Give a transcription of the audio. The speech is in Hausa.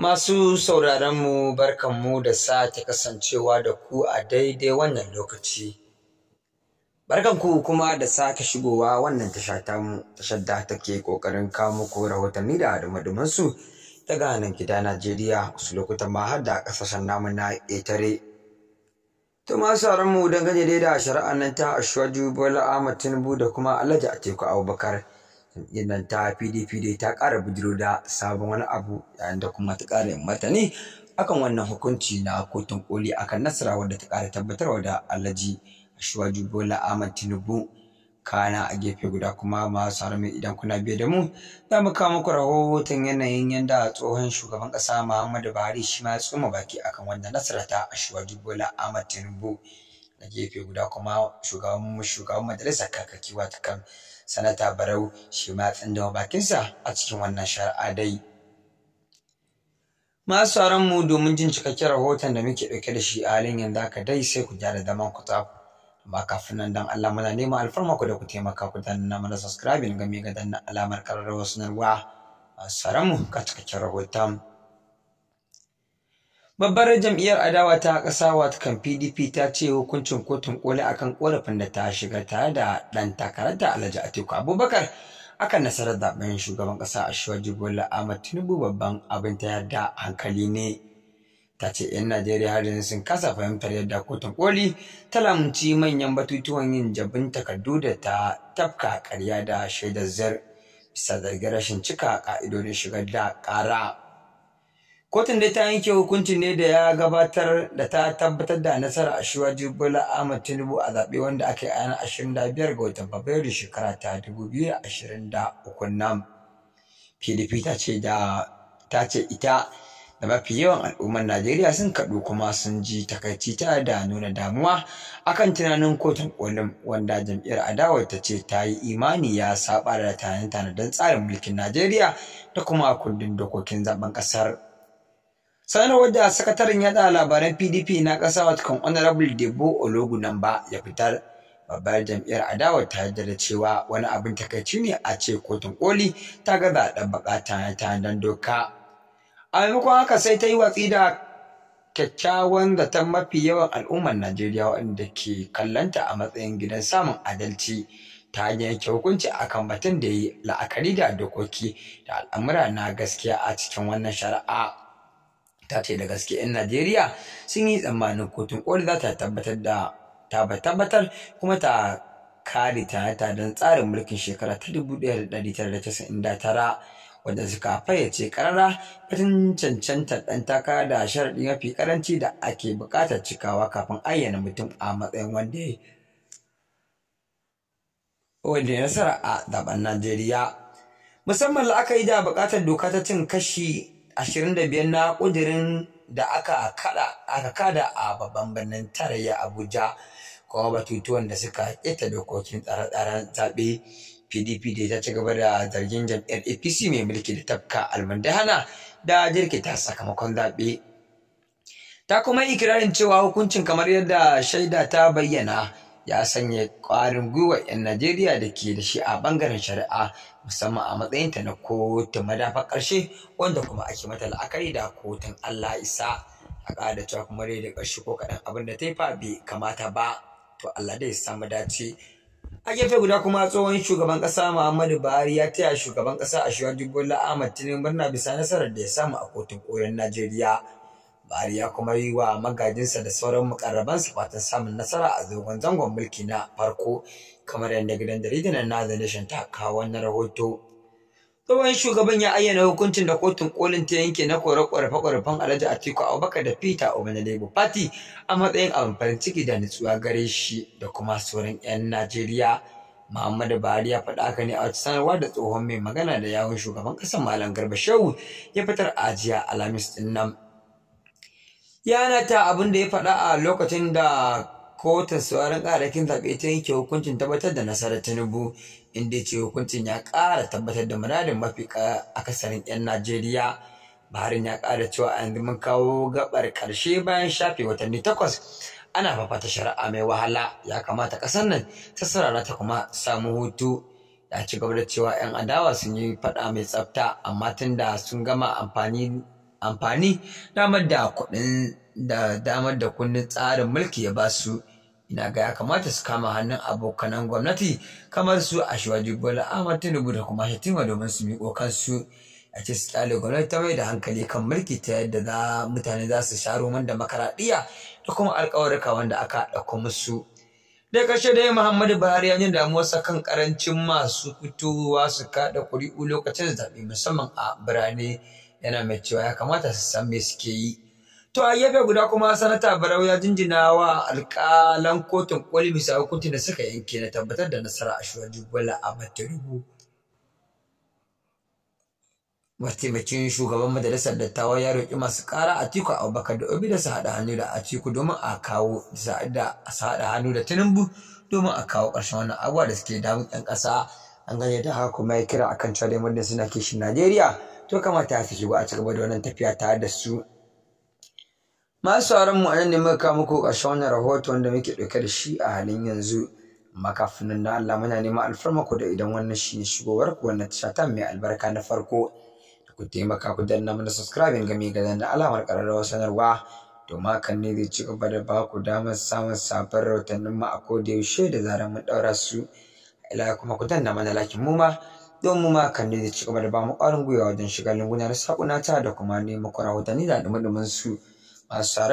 Masu sauraronmu barkanmu da sake kasancewa da ku a daidai wannan lokaci. Barkanku kuma da sake shigowa wannan tasha tamu, tashar da take ƙoƙarin kawo muku rahotanni da dumadumansu daga nan gida Najeriya wasu lokutan ma har da ƙasashen namu na ƙetare. To masu sauraronmu dangane da shari'a nan ta Ashwaju Bola Ahmad Tinubu da kuma Alhaji Atiku Abubakar. jam'iyyar ta pdp dai ta ƙara bijiro da sabon wani abu yayin da kuma ta ƙara yin ne akan wannan hukunci na kotun koli akan nasara wadda ta ƙara tabbatarwa da alhaji shuwaju bola ahmad tinubu kana a gefe guda kuma masu harmi idan kuna biye da mu za mu kawo muku rahoton yanayin yanda tsohon shugaban ƙasa muhammadu buhari shi ma ya tsoma baki akan wannan nasara ta shuwaju bola ahmad tinubu na gefe guda kuma shugaban shugaban majalisar kakaki wata kan sanata barau shi ma tsindama bakinsa a cikin wannan shari'a dai masu sauran mu domin jin cikakken rahoton da muke ɗauke da shi a halin yanzu haka dai sai ku gyara zaman ku tafi amma kafin nan dan Allah muna neman alfarma ku da ku taimaka ku na mana subscribing game ga danna alamar kararrawar sanarwa a sauran mu ka cikakken rahoton babbar jam'iyyar adawa ta ƙasa wato kan pdp ta ce hukuncin kotun koli akan ƙorafin da ta shiga tare da ɗan takararta alhaji atiku abubakar akan nasarar zaɓen shugaban ƙasa a shiwaji bola ahmad tinubu babban abin ta yarda hankali ne ta ce 'yan najeriya har yanzu sun kasa fahimtar yadda kotun koli ta lamunci manyan batutuwan yin jabin takardu da ta tafka karya da shaidar zar bisa zargin rashin cika ƙa'idodin shigar da ƙara Kotun dai ta yanke hukunci ne da ya gabatar da ta tabbatar da nasara a Shiwaji Bola Ahmed Tinubu a zaɓe wanda aka yi a ranar ashirin da biyar ga watan Fabrairu shekara ta dubu nan. PDP ta ce da ta ce ita da mafi yawan al'ummar Najeriya sun kaɗu kuma sun ji takaici ta da nuna damuwa akan tunanin kotun kolin wanda jam'iyyar adawar ta ce ta yi imani ya saɓa da tunanin tanaden tsarin mulkin Najeriya da kuma kundin dokokin zaɓen ƙasar. sanarwar da sakataren yada labaran pdp na ƙasa watakan honorable debo nan ba ya fitar babbar jam'iyyar adawa ta yarda da cewa wani abin takaici ne a ce kotun koli ta gaza da bukata ta dan doka a maimakon haka sai ta yi watsi da kyakkyawan zaton mafi yawan al'ummar najeriya waɗanda ke kallonta a matsayin gidan samun adalci ta hanyar yanke hukunci a kan batun da ya yi la'akari da dokoki da al'amura na gaskiya a cikin wannan shari'a ta ce da gaske 'yan Najeriya sun yi tsammanin kotun koli za ta tabbatar kuma ta kare ta don tsarin mulkin shekara ta 1999 wanda suka fayyace karara batun cancanta ɗan takara da sharaɗi mafi karanci da ake buƙatar cikawa kafin ayyana mutum a matsayin wanda ya wanda nasara a zaben Najeriya musamman la'akari da buƙatar doka ta cin kashi ashirin da biyar na ƙudirin da aka kada a babban birnin tarayya Abuja kuma batutuwan da suka ita dokokin tsare-tsaren zaɓe PDP da ta ci gaba da zargin jam'iyyar APC mai mulki da tafka almandahana da jirkita sakamakon zaɓe. Ta kuma ikirarin cewa hukuncin kamar yadda shaida ta bayyana ya sanya ƙwarin gwiwa 'yan Najeriya da ke da shi a ɓangaren shari'a musamman a matsayinta na kotun madafa ƙarshe wanda kuma ake mata la'akari da kotun Allah isa a da cewa kuma da ƙarshe ko kaɗan abin da ta yi fa bai kamata ba to Allah dai samu dace a gefe guda kuma tsohon shugaban ƙasa Muhammadu Buhari ya taya shugaban ƙasa a Bola Ahmad Tinubu murna bisa nasarar da ya samu a kotun koyon Najeriya Buhari ya kuma yi wa magajinsa da sauran mukarrabansa fatan samun nasara a zogon zangon mulki na farko kamar yadda gidan jaridar na The Nation ta kawo wannan rahoto. Tsohon shugaban ya ayyana hukuncin da kotun kolin ta yanke na kore ƙorafe ƙorafen Alhaji Atiku Abubakar da Peter Obi Labour Party a matsayin abin farin ciki da nutsuwa gare shi da kuma sauran 'yan Najeriya. Muhammadu Buhari ya faɗa haka ne a wata sanarwa da tsohon mai magana da yawun shugaban ƙasar Malam Garba Shehu ya fitar ajiya Alhamis ɗin ya nata abin da ya faɗa a lokacin da kotun tsoron ƙarakin zaɓe ta yanke hukuncin tabbatar da nasarar tinubu inda ce hukuncin ya ƙara tabbatar da muradin mafi akasarin 'yan najeriya baharin ya ƙara cewa a yanzu mun kawo gabar ƙarshe bayan shafe watanni takwas ana fafata shari'a mai wahala ya kamata ƙasar nan ta sarara ta kuma samu hutu ya ci gaba da cewa 'yan adawa sun yi faɗa mai tsafta amma tun da sun gama amfani amfani damar da kuɗin da damar da kundin tsarin mulki ya ba su ina ga ya kamata su kama hannun abokanan gwamnati kamar su a shiwaji bola ahmad tinubu da kuma shatima domin su miƙo kansu a ce su kyale gwamnati ta mai da hankali kan mulki ta yadda za mutane za su sha roman da da kuma alƙawarka wanda aka ɗauko musu da ƙarshe dai muhammadu buhari ya yi damuwarsa kan ƙarancin masu fitowa su kaɗa ƙuri'u lokacin zaɓe musamman a birane yana mai cewa ya kamata su san me suke yi to a gefe guda kuma sanata barau ya jinjina wa alƙalan kotun koli bisa hukuncin da suka yanke na tabbatar da nasara a shugaban Jubala a matarubu mataimakin shugaban majalisar dattawa ya roƙi masu ƙara tiku abubakar da obi da su haɗa hannu da atiku domin a kawo da su haɗa hannu da tinubu domin a kawo ƙarshen wannan abubuwa da suke damun 'yan ƙasa an gane da haka kuma ya kira akan cewa da suna kishin najeriya to kamata su shigo a cigaba da wannan tafiya tare da su masu sauran mu anan ne muka kawo muku ƙarshen wannan rahoton wanda muke ɗauke da shi a halin yanzu makafinan da Allah muna neman alfarma ku da idan wannan shi ne shigowar ku wannan tasha mai albarka na farko da ku taimaka ku danna mana subscribing game ga danna alamar ƙararrawar sanarwa domin hakan ne zai ci gaba da ba ku damar samun sabon rahotannin mu a da zarar mun ɗaura su ila kuma ku danna mana lakin mu ma don ma kan da ci gaba da bamu ƙwarin gwiwa wajen shiga lingunar sakuna ta da kuma nemo rahotanni da dumadumin su masu